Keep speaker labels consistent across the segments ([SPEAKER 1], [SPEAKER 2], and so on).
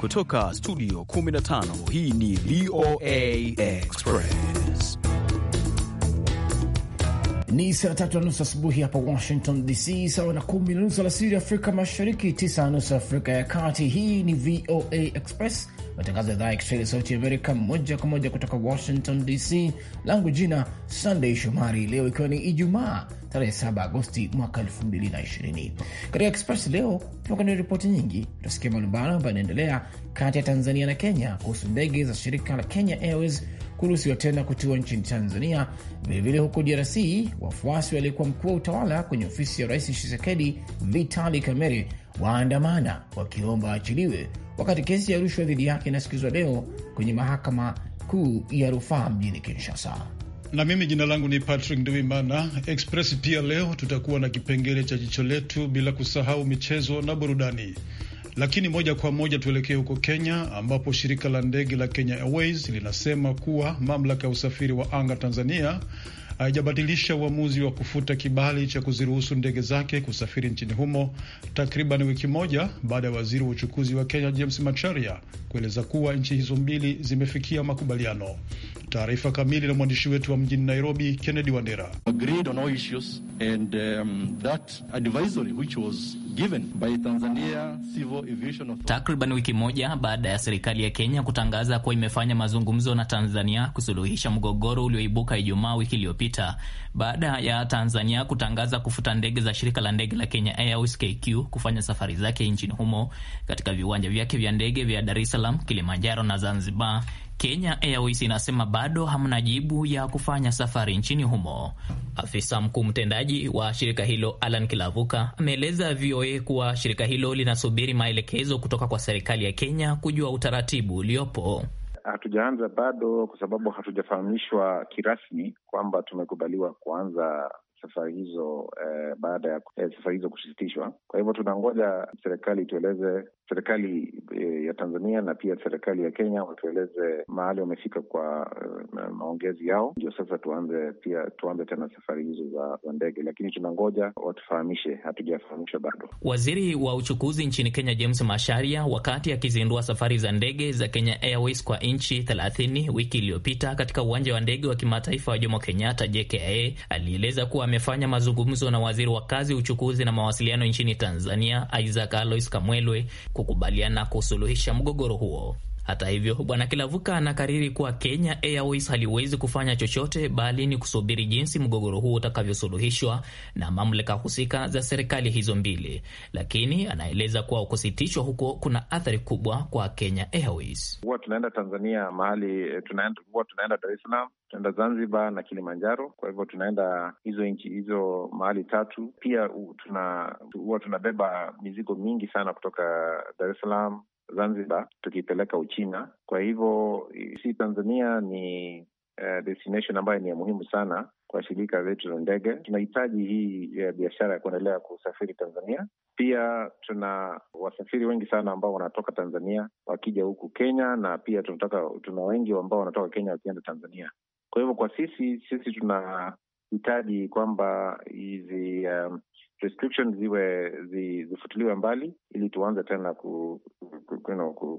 [SPEAKER 1] Kutoka studio 15 hii ni VOA Express.
[SPEAKER 2] Ni saa tatu na nusu asubuhi hapa Washington DC, sawa na kumi na nusu alasiri Afrika Mashariki, tisa na nusu Afrika ya Kati. Hii ni VOA Express Matangazo ya idhaa ya Kiswahili ya Sauti Amerika, moja kwa moja kutoka Washington DC. Langu jina sandey Shomari, leo ikiwa ni Ijumaa tarehe 7 Agosti mwaka 2020. Katika Express leo tunakuletea ripoti nyingi, tutasikia malumbano ambayo yanaendelea kati ya Tanzania na Kenya kuhusu ndege za shirika la Kenya Airways kuruhusiwa tena kutua nchini Tanzania. Vilevile huko DRC, wafuasi waliokuwa mkuu wa utawala kwenye ofisi ya Rais Tshisekedi, Vitali Kamere waandamana wakiomba waachiliwe, wakati kesi ya rushwa dhidi yake inasikizwa leo kwenye mahakama kuu ya rufaa mjini
[SPEAKER 1] Kinshasa. Na mimi jina langu ni Patrick Nduwimana. Express pia leo tutakuwa na kipengele cha jicho letu, bila kusahau michezo na burudani. Lakini moja kwa moja tuelekee huko Kenya, ambapo shirika la ndege la Kenya Airways linasema kuwa mamlaka ya usafiri wa anga Tanzania haijabadilisha uamuzi wa kufuta kibali cha kuziruhusu ndege zake kusafiri nchini humo takriban wiki moja baada ya waziri wa uchukuzi wa Kenya James Macharia kueleza kuwa nchi hizo mbili zimefikia makubaliano. Taarifa kamili na mwandishi wetu wa mjini Nairobi, Kennedy Wandera. Um,
[SPEAKER 3] takriban wiki moja baada ya serikali ya Kenya kutangaza kuwa imefanya mazungumzo na Tanzania kusuluhisha mgogoro ulioibuka Ijumaa wiki iliyopita iliyopita baada ya Tanzania kutangaza kufuta ndege za shirika la ndege la Kenya Airways KQ kufanya safari zake nchini humo katika viwanja vyake vya ndege vya Dar es Salaam, Kilimanjaro na Zanzibar. Kenya Airways inasema bado hamna jibu ya kufanya safari nchini humo. Afisa mkuu mtendaji wa shirika hilo Alan Kilavuka ameeleza VOA kuwa shirika hilo linasubiri maelekezo kutoka kwa serikali ya Kenya kujua utaratibu uliopo.
[SPEAKER 4] Hatujaanza bado kwa sababu hatujafahamishwa kirasmi kwamba tumekubaliwa kuanza safari hizo eh, baada ya eh, safari hizo kusitishwa. Kwa hivyo tunangoja serikali itueleze, serikali eh, ya Tanzania na pia serikali ya Kenya watueleze mahali wamefika kwa eh, maongezi yao, ndio sasa tuanze pia tuanze tena safari hizo za, za ndege, lakini tunangoja watufahamishe, hatujafahamishwa bado.
[SPEAKER 3] Waziri wa uchukuzi nchini Kenya James Masharia, wakati akizindua safari za ndege za Kenya Airways kwa nchi thelathini wiki iliyopita katika uwanja wa ndege wa kimataifa wa Jomo Kenyatta JKA, alieleza kuwa amefanya mazungumzo na waziri wa kazi, uchukuzi na mawasiliano nchini Tanzania Isaac Alois Kamwelwe kukubaliana kusuluhisha mgogoro huo. Hata hivyo, Bwana Kilavuka anakariri kuwa Kenya Airways haliwezi kufanya chochote bali ni kusubiri jinsi mgogoro huo utakavyosuluhishwa na mamlaka husika za serikali hizo mbili, lakini anaeleza kuwa kusitishwa huko kuna athari kubwa kwa Kenya Airways.
[SPEAKER 4] Huwa tunaenda Tanzania mahali eh, tunaenda, huwa tunaenda Dar es Salaam, tunaenda Zanzibar na Kilimanjaro. Kwa hivyo tunaenda hizo nchi hizo mahali tatu. Pia huwa tuna, tunabeba mizigo mingi sana kutoka Dar es Salaam Zanzibar tukipeleka Uchina. Kwa hivyo si Tanzania ni uh, destination ambayo ni ya muhimu sana kwa shirika letu la ndege. Tunahitaji hii ya eh, biashara ya kuendelea kusafiri Tanzania. Pia tuna wasafiri wengi sana ambao wanatoka Tanzania wakija huku Kenya, na pia tunataka, tuna wengi ambao wanatoka Kenya wakienda Tanzania. Kwa hivyo kwa sisi sisi tunahitaji kwamba hizi um, restrictions ziwe zifutuliwe mbali ili tuanze tena ku,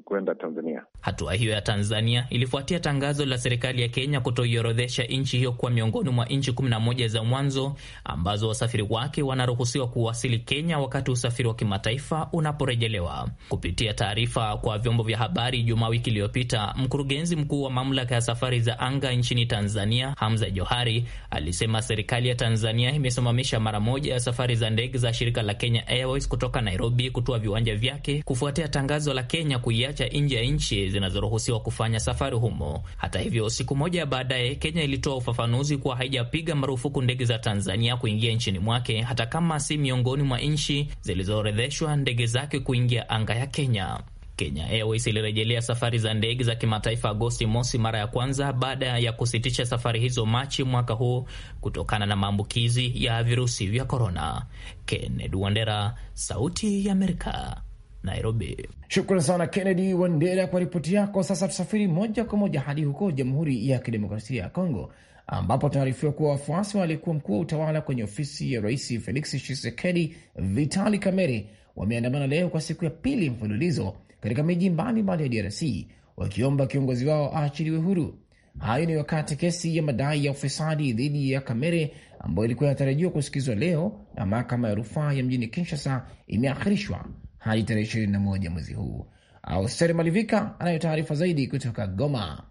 [SPEAKER 4] kwenda Tanzania.
[SPEAKER 3] Hatua hiyo ya Tanzania ilifuatia tangazo la serikali ya Kenya kutoiorodhesha nchi hiyo kuwa miongoni mwa nchi kumi na moja za mwanzo ambazo wasafiri wake wanaruhusiwa kuwasili Kenya wakati usafiri wa kimataifa unaporejelewa. Kupitia taarifa kwa vyombo vya habari Jumaa wiki iliyopita, mkurugenzi mkuu wa mamlaka ya safari za anga nchini Tanzania Hamza Johari alisema serikali ya Tanzania imesimamisha mara moja ya safari za ndege za shirika la Kenya Airways kutoka Nairobi kutoa viwanja vyake kufuatia tangazo la Kenya kuiacha nje ya nchi zinazoruhusiwa kufanya safari humo. Hata hivyo, siku moja baadaye Kenya ilitoa ufafanuzi kuwa haijapiga marufuku ndege za Tanzania kuingia nchini mwake, hata kama si miongoni mwa nchi zilizoorodheshwa ndege zake kuingia anga ya Kenya. Kenya Airways ilirejelea safari za ndege za kimataifa Agosti mosi mara ya kwanza baada ya kusitisha safari hizo Machi mwaka huu kutokana na maambukizi ya virusi vya korona. Kennedy Wandera, Sauti ya Amerika, Nairobi.
[SPEAKER 2] Shukran sana Kennedy Wandera kwa ripoti yako. Sasa tusafiri moja kwa moja hadi huko Jamhuri ya Kidemokrasia ya Kongo, ambapo tunaarifiwa kuwa wafuasi wa aliyekuwa mkuu wa utawala kwenye ofisi ya Rais Felix Tshisekedi, Vitali Kamere, wameandamana leo kwa siku ya pili mfululizo katika miji mbalimbali ya DRC wakiomba kiongozi wao aachiliwe huru. Hayo ni wakati kesi ya madai ya ufisadi dhidi ya Kamere ambayo ilikuwa inatarajiwa kusikizwa leo na mahakama ya rufaa ya mjini Kinshasa imeahirishwa hadi tarehe 21 mwezi huu. Austeri Malivika anayo taarifa zaidi kutoka Goma.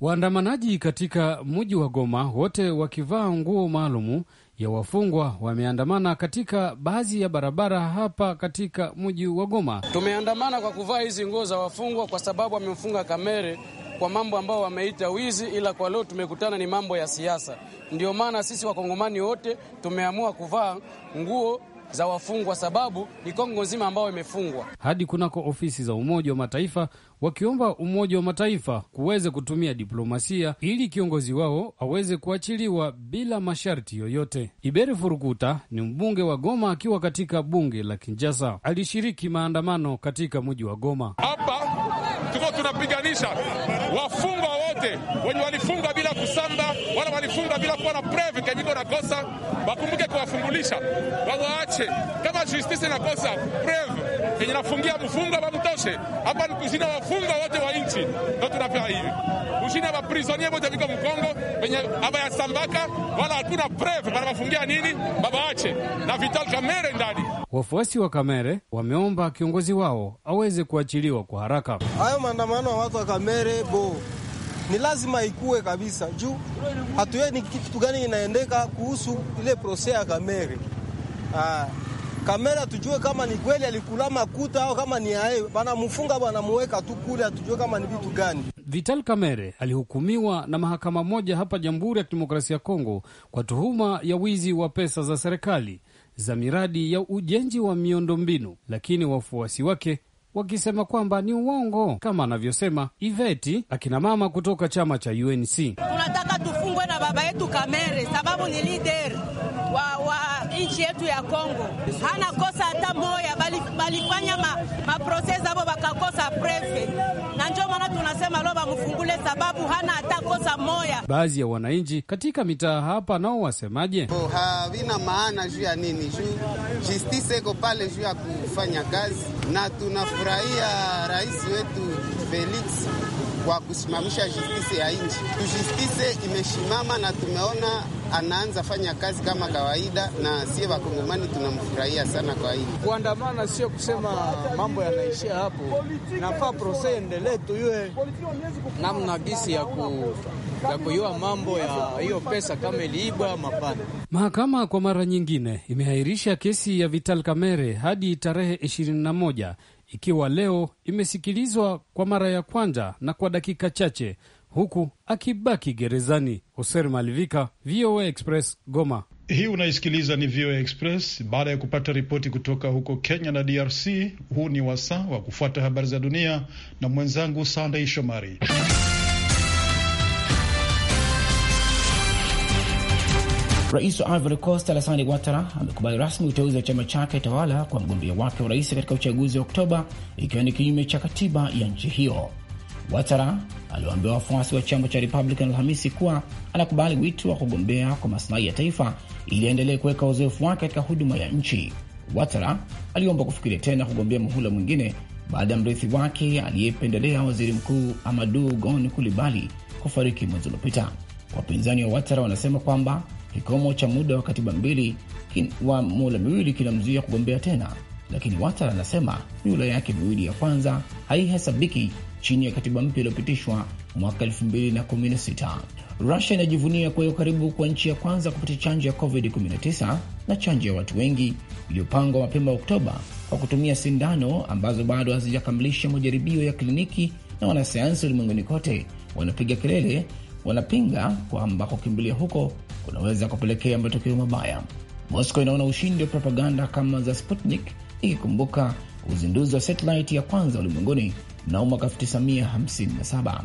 [SPEAKER 5] Waandamanaji katika mji wa Goma, wote wakivaa nguo maalumu ya wafungwa, wameandamana katika baadhi ya barabara hapa katika mji wa Goma. Tumeandamana kwa kuvaa hizi nguo za wafungwa kwa sababu wamemfunga Kamere kwa mambo ambayo wameita wizi, ila kwa leo tumekutana ni mambo ya siasa. Ndio maana sisi wakongomani wote tumeamua kuvaa nguo za wafungwa sababu ni Kongo nzima ambayo imefungwa hadi kunako ofisi za Umoja wa Mataifa, wakiomba Umoja wa Mataifa kuweze kutumia diplomasia ili kiongozi wao aweze kuachiliwa bila masharti yoyote. Iberi Furukuta ni mbunge wa Goma, akiwa katika bunge la Kinjasa, alishiriki maandamano katika mji wa Goma Up
[SPEAKER 3] wanapiganisha
[SPEAKER 6] wafungwa wote wenye bila kuwa na preve kenye iko nakosa, wakumbuke kuwafungulisha, wawaache. Kama justice inakosa preve kenye nafungia mfunga, wamtoshe hapa, ni kushina wafunga wote wa nchi, ndo tunapewa hivi kushina waprisonie wote viko Mkongo venye aba ya sambaka, wala hatuna preve wanawafungia nini, babaache na Vital Kamere ndani.
[SPEAKER 5] Wafuasi wa Kamere wameomba kiongozi wao aweze kuachiliwa kwa haraka.
[SPEAKER 1] Hayo maandamano ya watu wa Kamere bo ni lazima ikuwe kabisa, juu hatuye ni kitu gani inaendeka kuhusu ile prose ya Kamere. Ah, Kamere hatujue kama ni kweli alikula makuta au kama ni ae, banamufunga banamuweka tu kule, hatujue kama ni vitu gani. Vital
[SPEAKER 5] Kamere alihukumiwa na mahakama moja hapa Jamhuri ya Kidemokrasia ya Kongo kwa tuhuma ya wizi wa pesa za serikali za miradi ya ujenzi wa miundombinu, lakini wafuasi wake wakisema kwamba ni uongo, kama anavyosema Iveti, akina mama kutoka chama cha UNC. Tunataka
[SPEAKER 7] tufu baba yetu Kamere sababu ni leader wa, wa nchi yetu ya Kongo. Hana kosa hata moya, balifanya maproses ma avo bakakosa prefe, na ndio maana tunasema leo bamfungule sababu hana hata kosa moya.
[SPEAKER 5] Baadhi ya wananchi katika mitaa hapa nao wasemaje?
[SPEAKER 8] Oh, havina maana juu ya nini? Juu justice iko pale juu ya kufanya kazi, na tunafurahia rais wetu Felix wa kusimamisha justice ya nchi. Justice imesimama na tumeona anaanza fanya kazi kama kawaida, na sie wakongomani tunamfurahia sana kwa hili. Kuandamana sio
[SPEAKER 5] kusema mambo yanaishia hapo, nafaa proses endelee, tuyue namna gisi ya ku ya kuyua mambo ya hiyo pesa kama iliibwa mapana. Mahakama kwa mara nyingine imeahirisha kesi ya Vital Kamerhe hadi tarehe 21 ikiwa leo imesikilizwa kwa mara ya kwanza na kwa dakika chache huku akibaki gerezani. Hoser Malivika, VOA Express, Goma.
[SPEAKER 1] Hii unaisikiliza ni VOA Express. Baada ya kupata ripoti kutoka huko Kenya na DRC, huu ni wasaa wa kufuata habari za dunia na mwenzangu Sandei Shomari. Rais
[SPEAKER 2] wa Ivory Coast Alassane Ouattara amekubali rasmi uteuzi wa chama chake tawala kwa mgombea wake wa rais katika uchaguzi wa Oktoba, ikiwa ni kinyume cha katiba ya nchi hiyo. Ouattara aliwaambia wafuasi wa chama cha Republican Alhamisi kuwa anakubali wito wa kugombea kwa masilahi ya taifa ili aendelee kuweka uzoefu wake katika huduma ya nchi. Ouattara aliomba kufikiria tena kugombea muhula mwingine baada ya mrithi wake aliyependelea waziri mkuu Amadou Gon Coulibaly kufariki mwezi uliopita. Wapinzani wa Ouattara wanasema kwamba Kikomo cha muda wa katiba mbili wa muhula miwili kinamzuia kugombea tena, lakini Watara anasema mihula yake miwili ya kwanza haihesabiki chini ya katiba mpya iliyopitishwa mwaka 216 Rusia inajivunia kwa hiyo karibu kwa nchi ya kwanza kupata chanjo ya COVID-19 na chanjo ya watu wengi iliyopangwa mapema Oktoba kwa kutumia sindano ambazo bado hazijakamilisha majaribio ya kliniki, na wanasayansi ulimwenguni kote wanapiga kelele, wanapinga kwamba kukimbilia huko kunaweza kupelekea matokeo mabaya. Moscow inaona ushindi wa propaganda kama za Sputnik, ikikumbuka uzinduzi wa satelaiti ya kwanza ulimwenguni mnamo mwaka 1957.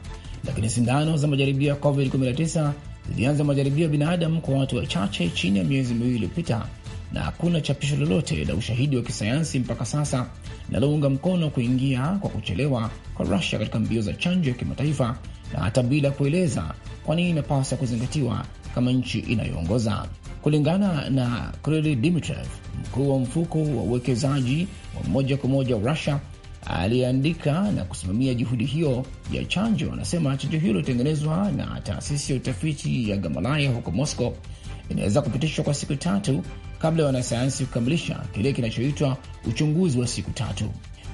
[SPEAKER 2] Lakini sindano za majaribio ya COVID-19 zilianza majaribio ya binadamu kwa watu wachache chini ya miezi miwili iliyopita, na hakuna chapisho lolote la ushahidi wa kisayansi mpaka sasa linalounga mkono kuingia kwa kuchelewa kwa Rusia katika mbio za chanjo ya kimataifa, na hata bila kueleza kwa nini inapaswa kuzingatiwa kama nchi inayoongoza. Kulingana na Kiril Dimitrov, mkuu wa mfuko wa uwekezaji wa moja kwa moja russia Rusia aliyeandika na kusimamia juhudi hiyo ya chanjo, anasema chanjo hiyo iliyotengenezwa na taasisi ya utafiti ya Gamalaya huko Moscow inaweza kupitishwa kwa siku tatu kabla ya wanasayansi kukamilisha kile kinachoitwa uchunguzi wa siku tatu.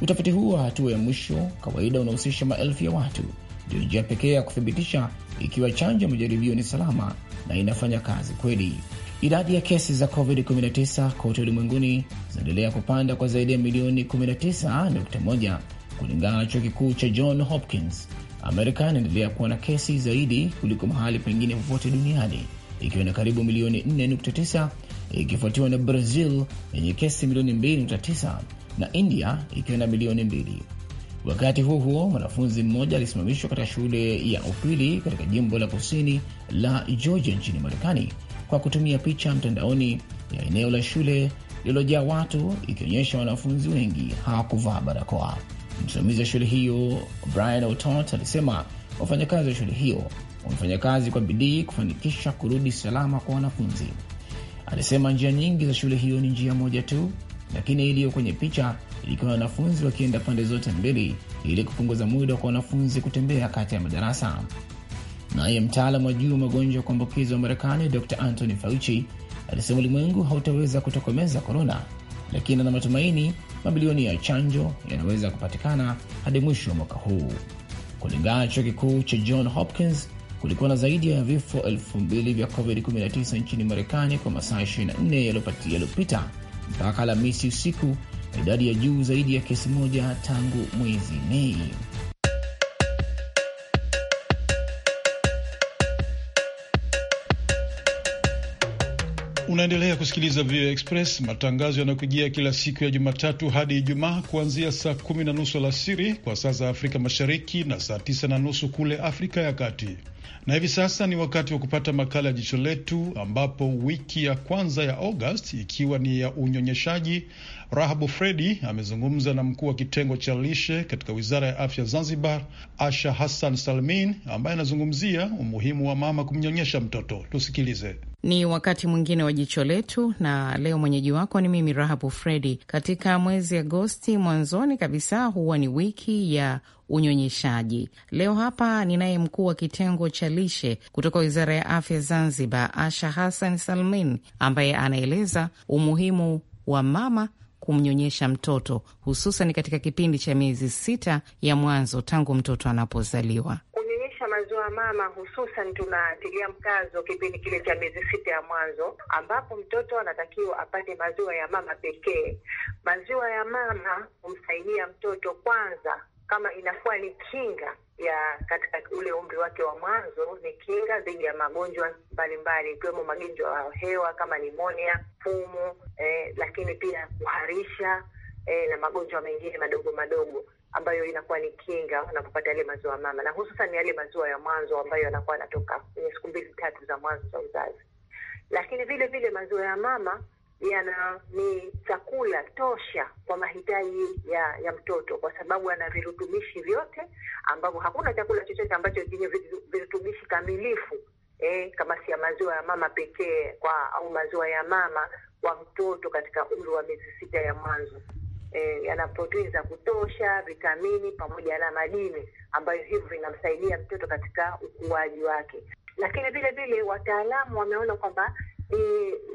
[SPEAKER 2] Utafiti huu wa hatua ya mwisho kawaida unahusisha maelfu ya watu ndio njia pekee ya kuthibitisha ikiwa chanjo ya majaribio ni salama na inafanya kazi kweli. Idadi ya kesi za COVID-19 kote ulimwenguni zinaendelea kupanda kwa zaidi ya milioni 19.1 kulingana na chuo kikuu cha John Hopkins. Amerika inaendelea kuwa na kesi zaidi kuliko mahali pengine popote duniani ikiwa na karibu milioni 4.9 ikifuatiwa na Brazil yenye kesi milioni 2.9 na India ikiwa na milioni 2. Wakati huo huo, mwanafunzi mmoja alisimamishwa katika shule ya upili katika jimbo la kusini la Georgia nchini Marekani kwa kutumia picha mtandaoni ya eneo la shule lililojaa watu ikionyesha wanafunzi wengi hawakuvaa barakoa. Msimamizi wa shule hiyo Brian Otot alisema wafanyakazi wa shule hiyo wamefanya kazi kwa bidii kufanikisha kurudi salama kwa wanafunzi. Alisema njia nyingi za shule hiyo ni njia moja tu lakini iliyo kwenye picha ilikuwa wanafunzi wakienda pande zote mbili ili kupunguza muda kwa wanafunzi kutembea kati ya madarasa. Naye mtaalam wa juu wa magonjwa ya kuambukizwa wa Marekani Dr Anthony Fauci alisema ulimwengu hautaweza kutokomeza korona, lakini ana matumaini mabilioni ya chanjo yanaweza kupatikana hadi mwisho wa mwaka huu. Kulingana na chuo kikuu cha John Hopkins, kulikuwa na zaidi ya vifo elfu mbili vya COVID-19 nchini Marekani kwa masaa 24 yaliyopita mpaka Alhamisi usiku idadi ya juu zaidi ya kesi moja tangu mwezi Mei.
[SPEAKER 1] Unaendelea kusikiliza VOA Express, matangazo yanakujia kila siku ya Jumatatu hadi Ijumaa kuanzia saa kumi na nusu alasiri kwa saa za Afrika Mashariki na saa tisa na nusu kule Afrika ya Kati. Na hivi sasa ni wakati wa kupata makala ya jicho letu, ambapo wiki ya kwanza ya August ikiwa ni ya unyonyeshaji, Rahabu Fredi amezungumza na mkuu wa kitengo cha lishe katika wizara ya afya Zanzibar, Asha Hassan Salmin, ambaye anazungumzia umuhimu wa mama kumnyonyesha mtoto. Tusikilize.
[SPEAKER 7] Ni wakati mwingine wa jicho letu, na leo mwenyeji wako ni mimi Rahabu Fredi. Katika mwezi Agosti mwanzoni kabisa huwa ni wiki ya unyonyeshaji. Leo hapa ninaye mkuu wa kitengo cha lishe kutoka Wizara ya Afya Zanzibar, Asha Hassan Salmin, ambaye anaeleza umuhimu wa mama kumnyonyesha mtoto hususan katika kipindi cha miezi sita ya mwanzo tangu mtoto anapozaliwa.
[SPEAKER 9] Kunyonyesha maziwa mama, hususan tunatilia mkazo kipindi kile cha miezi sita ya mwanzo, ambapo mtoto anatakiwa apate maziwa ya mama pekee. Maziwa ya mama humsaidia mtoto kwanza kama inakuwa ni kinga ya katika ule umri wake wa mwanzo, ni kinga dhidi ya magonjwa mbalimbali ikiwemo magonjwa ya hewa kama nimonia, pumu eh, lakini pia kuharisha eh, na magonjwa mengine madogo madogo ambayo inakuwa ni kinga unapopata yale maziwa mama, na hususan yale maziwa ya mwanzo ambayo yanakuwa yanatoka kwenye siku mbili tatu za mwanzo za uzazi. Lakini vile vile maziwa ya mama yana ni chakula tosha kwa mahitaji ya ya mtoto, kwa sababu ana virutubishi vyote ambavyo hakuna chakula chochote ambacho chenye virutubishi kamilifu eh, kama si ya maziwa ya mama pekee kwa au maziwa ya mama kwa mtoto katika umri wa miezi sita ya mwanzo. E, yana protini za kutosha, vitamini pamoja na madini ambayo hivyo vinamsaidia mtoto katika ukuaji wake. Lakini vile vile wataalamu wameona kwamba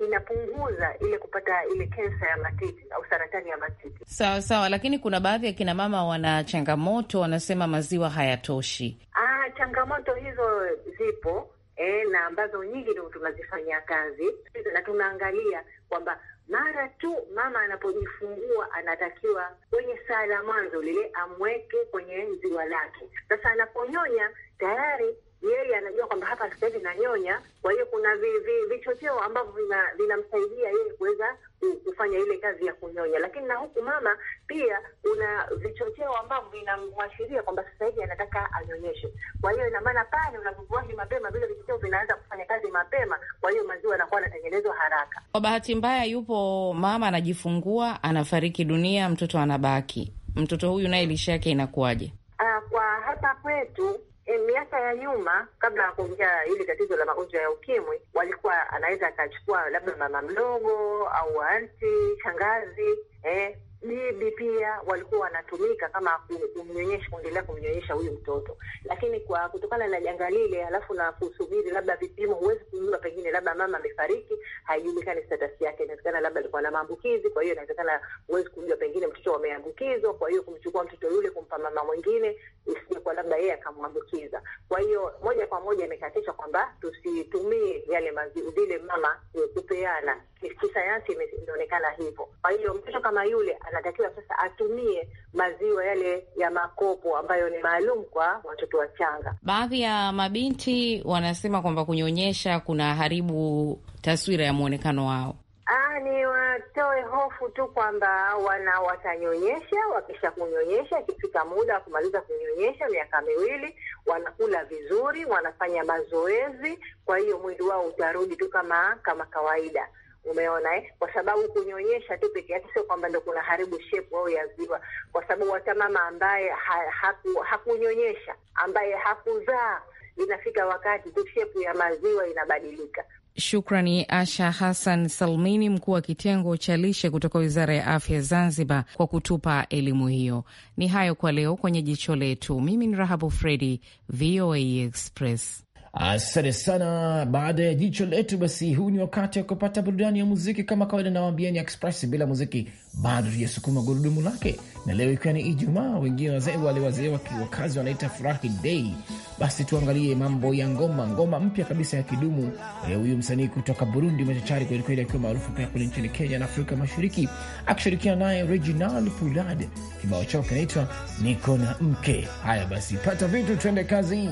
[SPEAKER 9] inapunguza ile kupata ile kensa ya matiti au saratani ya matiti.
[SPEAKER 7] Sawa sawa, lakini kuna baadhi ya kina mama wana changamoto, wanasema maziwa hayatoshi.
[SPEAKER 9] Ah, changamoto hizo zipo e, na ambazo nyingi ndio tunazifanyia kazi na tunaangalia kwamba mara tu mama anapojifungua anatakiwa kwenye saa la mwanzo lile amweke kwenye ziwa lake. Sasa anaponyonya tayari yeye anajua kwamba hapa sasa hivi nanyonya. Kwa hiyo kuna vi, vi, vichocheo ambavyo vinamsaidia vina yeye kuweza kufanya ile kazi ya kunyonya, lakini na huku mama pia kuna vichocheo ambavyo vinamwashiria kwamba sasa hivi anataka anyonyeshe. Kwa hiyo ina maana pale unavyouaji mapema, vile vichocheo vinaanza kufanya kazi mapema, kwa hiyo maziwa yanakuwa yanatengenezwa haraka.
[SPEAKER 7] Kwa bahati mbaya, yupo mama anajifungua, anafariki dunia, mtoto anabaki. Mtoto huyu naye lisha yake inakuwaje?
[SPEAKER 9] Uh, kwa hapa kwetu Eh, miaka ya nyuma kabla ya kuingia hili tatizo la magonjwa ya ukimwi, walikuwa anaweza akachukua labda mama mdogo au anti, shangazi eh bibi pia walikuwa wanatumika kama kumnyonyesha, kuendelea kumnyonyesha huyu mtoto, lakini kwa kutokana na janga lile, alafu na kusubiri labda vipimo, huwezi kujua, pengine labda mama amefariki, haijulikani status yake. Inawezekana labda alikuwa na maambukizi, kwa hiyo inawezekana huwezi kujua, pengine mtoto ameambukizwa, kwa hiyo kumchukua mtoto yule kumpa mama mwingine, isiyekuwa labda yeye akamwambukiza. Kwa hiyo moja kwa moja imekatishwa kwamba tusitumie yale mazi, vile mama kupeana kisayansi imeonekana hivyo. Kwa hiyo mtoto kama yule anatakiwa sasa atumie maziwa yale ya makopo ambayo ni maalum kwa watoto wachanga.
[SPEAKER 7] Baadhi ya mabinti wanasema kwamba kunyonyesha kuna haribu taswira ya mwonekano wao.
[SPEAKER 9] Ah, ni watoe hofu tu kwamba wana watanyonyesha. Wakisha kunyonyesha, ikifika muda wa kumaliza kunyonyesha, miaka miwili, wanakula vizuri, wanafanya mazoezi, kwa hiyo mwili wao utarudi tu kama kama kawaida. Umeona eh? Kwa sababu kunyonyesha tu peke yake sio kwamba ndo kuna haribu shepu au ya ziwa, kwa sababu hata mama ambaye ha, haku, hakunyonyesha ambaye hakuzaa inafika wakati tu shepu ya maziwa inabadilika.
[SPEAKER 7] Shukrani Asha Hassan Salmini, mkuu wa kitengo cha lishe kutoka Wizara ya Afya Zanzibar, kwa kutupa elimu hiyo. Ni hayo kwa leo kwenye Jicho Letu. Mimi ni Rahabu Fredi, VOA Express.
[SPEAKER 2] Asante sana. Baada ya jicho letu, basi huu ni wakati wa kupata burudani ya muziki. Kama kawaida, ni Express bila muziki bado tujasukuma gurudumu lake, na leo ikiwa ni Ijumaa, wengine wazee wale wazee wakazi wanaita furahi dei. Basi tuangalie mambo ya ngoma, ngoma mpya kabisa ya kidumu. Eh, huyu msanii kutoka Burundi machachari kwelikweli, akiwa maarufu pia kule nchini Kenya na Afrika Mashariki, akishirikiana naye Reginald Fulad. Kibao chao kinaitwa niko na mke. Haya basi, pata vitu, tuende kazi.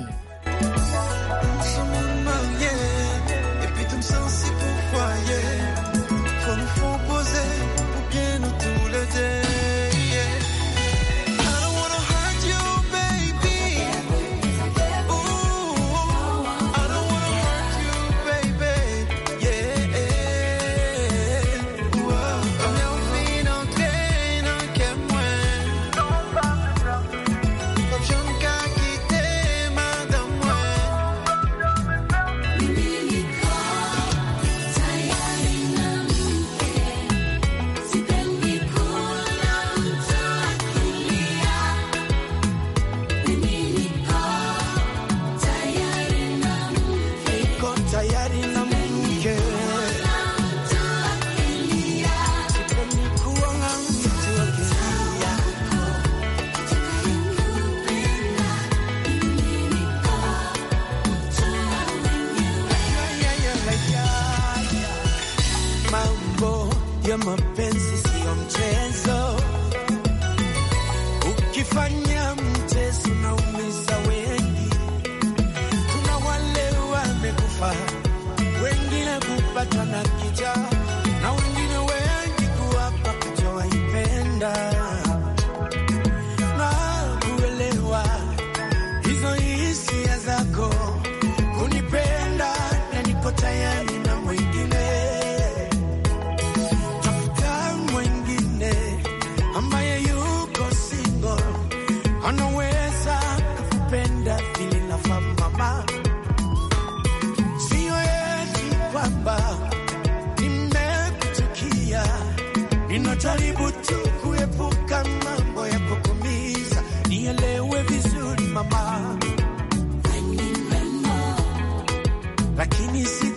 [SPEAKER 2] me see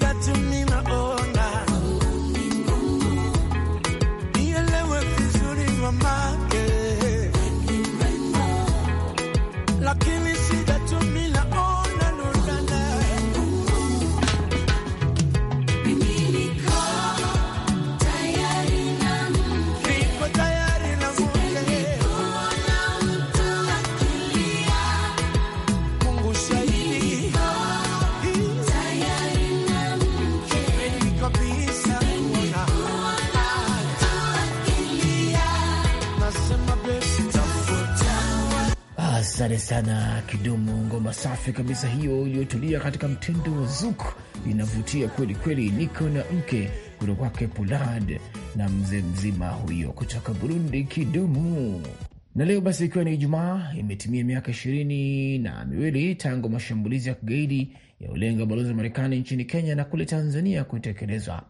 [SPEAKER 2] Asante sana Kidumu, ngoma safi kabisa hiyo iliyotulia katika mtindo wa zuk, inavutia kweli kweli. Niko na mke kutoka kwake Pulad na mzee mzima huyo kutoka Burundi, Kidumu. Na leo basi, ikiwa ni Ijumaa, imetimia miaka ishirini na miwili tangu mashambulizi ya kigaidi ya ulenga balozi wa Marekani nchini Kenya na kule Tanzania kutekelezwa.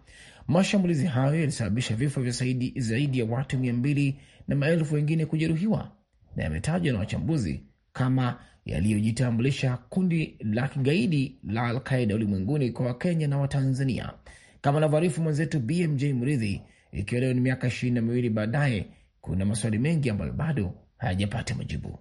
[SPEAKER 2] Mashambulizi hayo yalisababisha vifo vya zaidi ya watu mia mbili na maelfu wengine kujeruhiwa na yametajwa na wachambuzi kama yaliyojitambulisha kundi la kigaidi la Alqaida ulimwenguni kwa Wakenya na Watanzania, kama anavyoarifu mwenzetu BMJ Mridhi. Ikiwa leo ni miaka ishirini na miwili baadaye, kuna maswali mengi ambayo bado hayajapata majibu.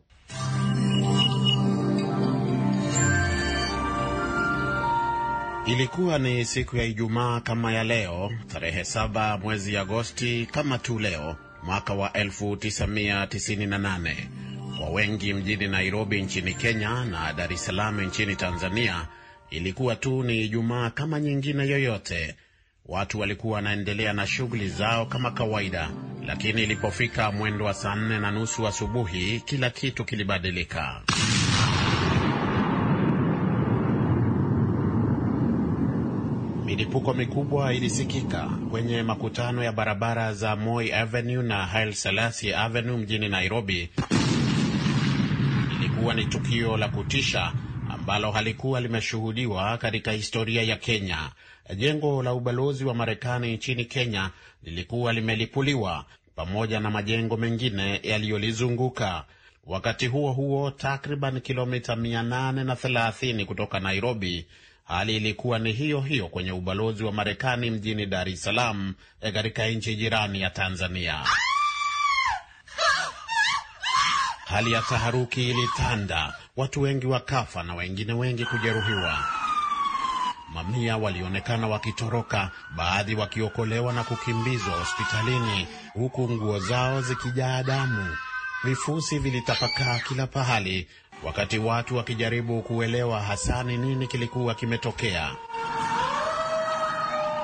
[SPEAKER 8] Ilikuwa ni siku ya Ijumaa kama ya leo tarehe 7 mwezi Agosti kama tu leo mwaka wa 1998 kwa wengi mjini Nairobi nchini Kenya na Dar es Salaam nchini Tanzania ilikuwa tu ni Ijumaa kama nyingine yoyote. Watu walikuwa wanaendelea na shughuli zao kama kawaida, lakini ilipofika mwendo wa saa nne na nusu asubuhi, kila kitu kilibadilika. Milipuko mikubwa ilisikika kwenye makutano ya barabara za Moi Avenue na Haile Selassie Avenue mjini Nairobi kuwa ni tukio la kutisha ambalo halikuwa limeshuhudiwa katika historia ya Kenya. Jengo la ubalozi wa Marekani nchini Kenya lilikuwa limelipuliwa pamoja na majengo mengine yaliyolizunguka. Wakati huo huo, takriban kilomita 830 kutoka Nairobi, hali ilikuwa ni hiyo hiyo kwenye ubalozi wa Marekani mjini Dar es Salaam eh, katika nchi jirani ya Tanzania. Hali ya taharuki ilitanda, watu wengi wakafa na wengine wengi kujeruhiwa. Mamia walionekana wakitoroka, baadhi wakiokolewa na kukimbizwa hospitalini, huku nguo zao zikijaa damu. Vifusi vilitapakaa kila pahali, wakati watu wakijaribu kuelewa hasa ni nini kilikuwa kimetokea.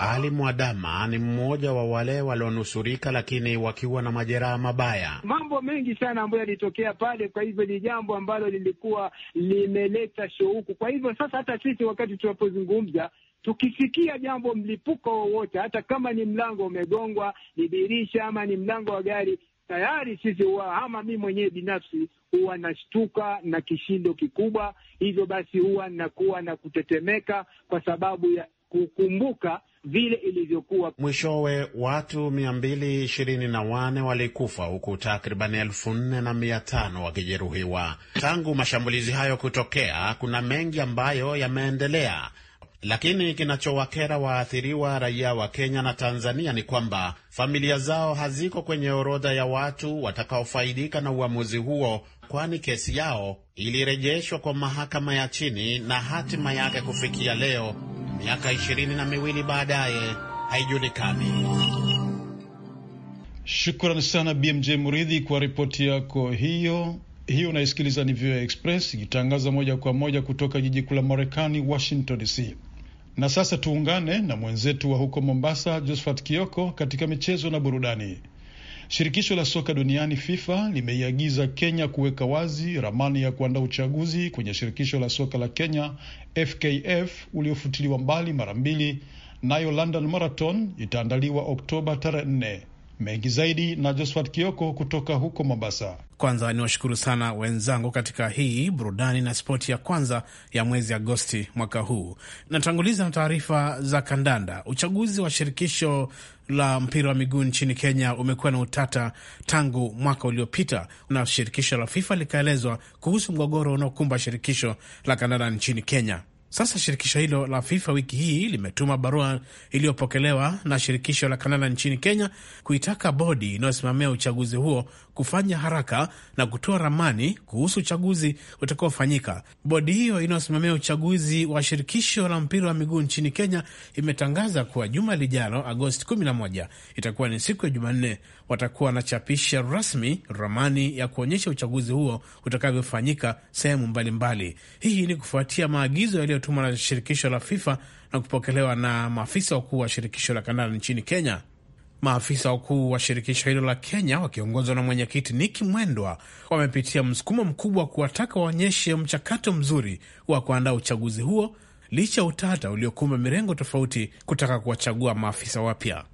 [SPEAKER 8] Ali Mwadama ni mmoja wa wale walionusurika, lakini wakiwa na majeraha mabaya.
[SPEAKER 6] Mambo mengi sana ambayo
[SPEAKER 5] yalitokea pale, kwa hivyo ni jambo ambalo lilikuwa limeleta shauku. Kwa hivyo sasa, hata sisi wakati tunapozungumza tukisikia jambo mlipuko wowote, hata kama ni mlango umegongwa, ni dirisha ama ni mlango wa gari, tayari sisi huwa ama mi mwenyewe binafsi huwa nashtuka na kishindo kikubwa. Hivyo basi huwa nakuwa na kutetemeka kwa sababu ya kukumbuka vile ilivyokuwa.
[SPEAKER 8] Mwishowe watu mia mbili ishirini na wane walikufa huku takribani elfu nne na mia tano wakijeruhiwa. Tangu mashambulizi hayo kutokea, kuna mengi ambayo yameendelea, lakini kinachowakera waathiriwa raia wa Kenya na Tanzania ni kwamba familia zao haziko kwenye orodha ya watu watakaofaidika na uamuzi huo, kwani kesi yao ilirejeshwa kwa mahakama ya chini na hatima yake kufikia leo Miaka ishirini na miwili baadaye haijulikani.
[SPEAKER 1] Shukran sana BMJ Muridhi kwa ripoti yako hiyo. Hiyo unaisikiliza ni VOA Express ikitangaza moja kwa moja kutoka jiji kuu la Marekani, Washington DC. Na sasa tuungane na mwenzetu wa huko Mombasa, Josephat Kioko, katika michezo na burudani. Shirikisho la soka duniani FIFA limeiagiza Kenya kuweka wazi ramani ya kuandaa uchaguzi kwenye shirikisho la soka la Kenya FKF uliofutiliwa mbali mara mbili, nayo London Marathon itaandaliwa Oktoba tarehe 4 Mengi zaidi na Josphat Kioko kutoka huko Mombasa.
[SPEAKER 6] Kwanza niwashukuru sana wenzangu katika hii burudani na spoti ya kwanza ya mwezi Agosti mwaka huu. Natanguliza na taarifa za kandanda. Uchaguzi wa shirikisho la mpira wa miguu nchini Kenya umekuwa na utata tangu mwaka uliopita, na shirikisho la FIFA likaelezwa kuhusu mgogoro unaokumba shirikisho la kandanda nchini Kenya. Sasa shirikisho hilo la FIFA wiki hii limetuma barua iliyopokelewa na shirikisho la kandanda nchini Kenya kuitaka bodi inayosimamia uchaguzi huo kufanya haraka na kutoa ramani kuhusu uchaguzi utakaofanyika. Bodi hiyo inayosimamia uchaguzi wa shirikisho la mpira wa miguu nchini Kenya imetangaza kuwa juma lijalo, Agosti 11, itakuwa ni siku ya Jumanne, watakuwa wanachapisha rasmi ramani ya kuonyesha uchaguzi huo utakavyofanyika sehemu mbalimbali. Hii ni kufuatia maagizo yaliyotumwa na shirikisho la FIFA na kupokelewa na maafisa wakuu wa shirikisho la kandanda nchini Kenya. Maafisa wakuu wa shirikisho hilo la Kenya wakiongozwa na mwenyekiti Niki Mwendwa wamepitia msukumo mkubwa wa kuwataka waonyeshe mchakato mzuri wa kuandaa uchaguzi huo licha ya utata uliokumba mirengo tofauti kutaka kuwachagua maafisa wapya.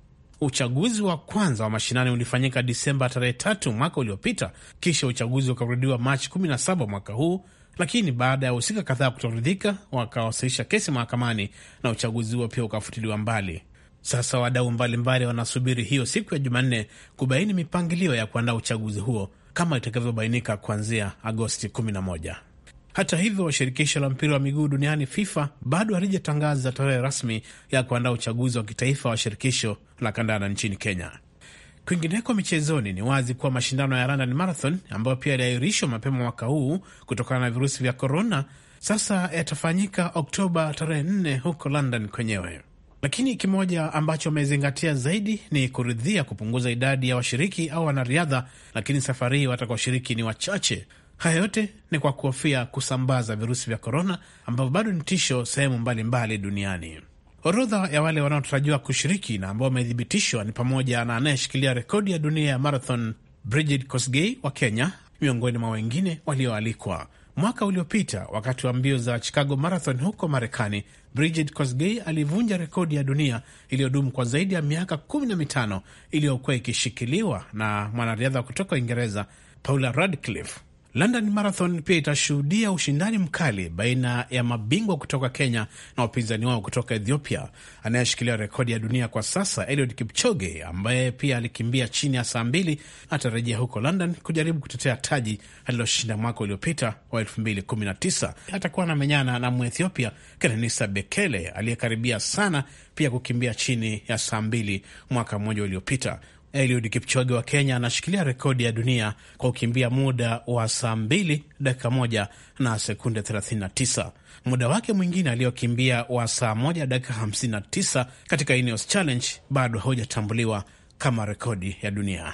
[SPEAKER 6] Uchaguzi wa kwanza wa mashinani ulifanyika Disemba tarehe tatu mwaka uliopita, kisha uchaguzi ukarudiwa Machi 17 mwaka huu, lakini baada ya wahusika kadhaa kutoridhika wakawasilisha kesi mahakamani na uchaguzi huo pia ukafutiliwa mbali. Sasa wadau mbalimbali wanasubiri hiyo siku ya Jumanne kubaini mipangilio ya kuandaa uchaguzi huo kama itakavyobainika kuanzia Agosti 11. Hata hivyo, shirikisho la mpira wa miguu duniani FIFA bado halijatangaza tarehe rasmi ya kuandaa uchaguzi wa kitaifa wa shirikisho la kandanda nchini Kenya. Kwingineko michezoni, ni wazi kuwa mashindano ya London Marathon ambayo pia yaliahirishwa mapema mwaka huu kutokana na virusi vya korona, sasa yatafanyika Oktoba tarehe 4 huko London kwenyewe. Lakini kimoja ambacho wamezingatia zaidi ni kuridhia kupunguza idadi ya washiriki au wanariadha, lakini safari hii watakaoshiriki ni wachache. Haya yote ni kwa kuhofia kusambaza virusi vya korona ambavyo bado ni tisho sehemu mbalimbali duniani. Orodha ya wale wanaotarajiwa kushiriki na ambao wamethibitishwa ni pamoja na anayeshikilia rekodi ya dunia ya marathon Brigid Kosgei wa Kenya, miongoni mwa wengine walioalikwa. Mwaka uliopita wakati wa mbio za Chicago Marathon huko Marekani, Bridget Kosgei alivunja rekodi ya dunia iliyodumu kwa zaidi ya miaka kumi na mitano iliyokuwa ikishikiliwa na mwanariadha kutoka Uingereza Paula Radcliffe. London Marathon pia itashuhudia ushindani mkali baina ya mabingwa kutoka Kenya na wapinzani wao kutoka Ethiopia. Anayeshikilia rekodi ya dunia kwa sasa Eliud Kipchoge, ambaye pia alikimbia chini ya saa mbili, atarejea huko London kujaribu kutetea taji aliloshinda mwaka uliopita wa 2019. Atakuwa anamenyana na Mwethiopia Kenenisa Bekele aliyekaribia sana pia kukimbia chini ya saa mbili mwaka mmoja uliopita. Eliud Kipchoge wa Kenya anashikilia rekodi ya dunia kwa kukimbia muda wa saa 2 dakika 1 na sekunde 39. Muda wake mwingine aliyokimbia wa saa moja dakika 59 katika Ineos Challenge bado haujatambuliwa kama rekodi ya dunia.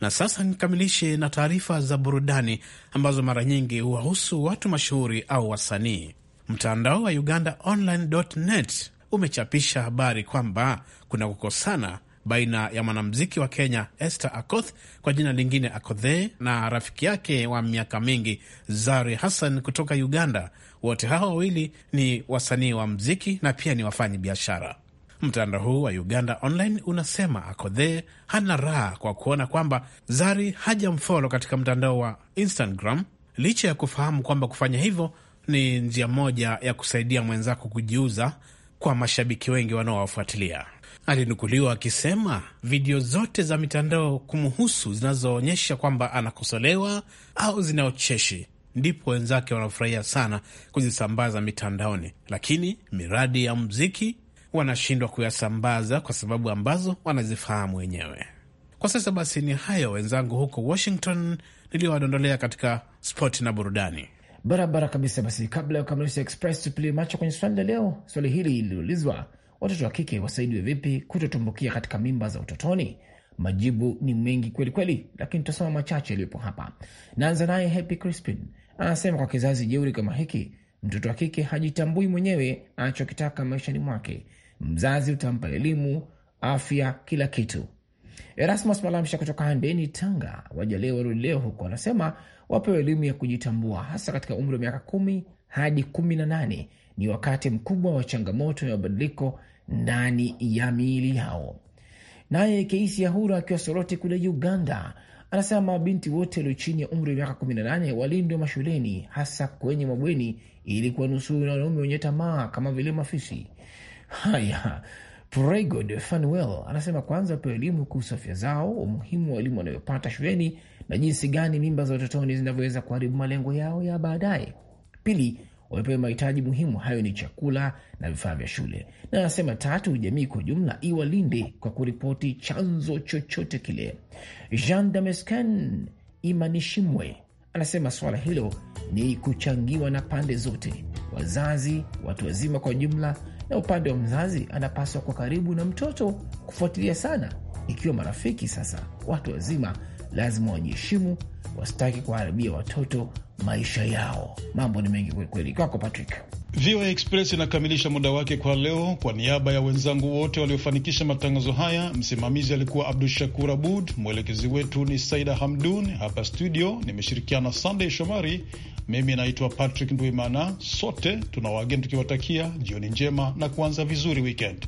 [SPEAKER 6] Na sasa nikamilishe na taarifa za burudani ambazo mara nyingi huwahusu watu mashuhuri au wasanii. Mtandao wa Uganda Online.net umechapisha habari kwamba kuna kukosana baina ya mwanamziki wa Kenya Esther Akoth kwa jina lingine Akothe na rafiki yake wa miaka mingi Zari Hassan kutoka Uganda. Wote hawa wawili ni wasanii wa mziki na pia ni wafanyi biashara. Mtandao huu wa Uganda Online unasema Akodhe hana raha kwa kuona kwamba Zari hajamfolo katika mtandao wa Instagram licha ya kufahamu kwamba kufanya hivyo ni njia moja ya kusaidia mwenzako kujiuza kwa mashabiki wengi wanaowafuatilia alinukuliwa akisema video zote za mitandao kumhusu zinazoonyesha kwamba anakosolewa au zinaocheshi ndipo wenzake wanafurahia sana kuzisambaza mitandaoni, lakini miradi ya mziki wanashindwa kuyasambaza kwa sababu ambazo wanazifahamu wenyewe. Kwa sasa basi, ni hayo wenzangu huko Washington niliyowadondolea katika spoti na burudani. Barabara kabisa. Basi kabla ya kukamilisha Express, tupilie macho kwenye
[SPEAKER 2] swali la leo. Swali hili liliulizwa watoto wa kike wasaidiwe vipi kutotumbukia katika mimba za utotoni? Majibu ni mengi kweli kweli, lakini tutasoma machache yaliyopo hapa. Naanza naye Happy Crispin anasema, kwa kizazi jeuri kama hiki, mtoto wa kike hajitambui mwenyewe anachokitaka maishani mwake. Mzazi utampa elimu, afya, kila kitu. Erasmus Malamsha kutoka Handeni, Tanga, wajalee warudi leo huko, anasema wapewe elimu ya kujitambua, hasa katika umri wa miaka kumi hadi kumi na nane ni wakati mkubwa wa changamoto ya mabadiliko ndani ya miili yao. Naye Keisi Yahura akiwa Soroti kule Uganda anasema mabinti wote walio chini ya umri wa miaka 18 walindwe mashuleni, hasa kwenye mabweni, ili kuwanusuru na wanaume wenye tamaa kama vile mafisi. Haya, Pregod Fanwell anasema kwanza wapewa elimu kuhusu afya zao, umuhimu wa elimu wanayopata shuleni na jinsi gani mimba za utotoni zinavyoweza kuharibu malengo yao ya baadaye. Pili, wamepewa mahitaji muhimu, hayo ni chakula na vifaa vya shule. Na anasema tatu, jamii kwa jumla iwalinde kwa kuripoti chanzo chochote kile. Jean Damescan Imanishimwe anasema swala hilo ni kuchangiwa na pande zote, wazazi, watu wazima kwa jumla, na upande wa mzazi anapaswa kwa karibu na mtoto kufuatilia sana, ikiwa marafiki, sasa watu wazima lazima wajiheshimu, wasitaki kuharibia watoto maisha yao. Mambo ni mengi kwelikweli. Kwako Patrick.
[SPEAKER 1] VOA Express inakamilisha muda wake kwa leo. Kwa niaba ya wenzangu wote waliofanikisha matangazo haya, msimamizi alikuwa Abdu Shakur Abud, mwelekezi wetu ni Saida Hamdun. Hapa studio nimeshirikiana Sandey Shomari, mimi naitwa Patrick Ndwimana. Sote tuna wageni tukiwatakia jioni njema na kuanza vizuri wikend.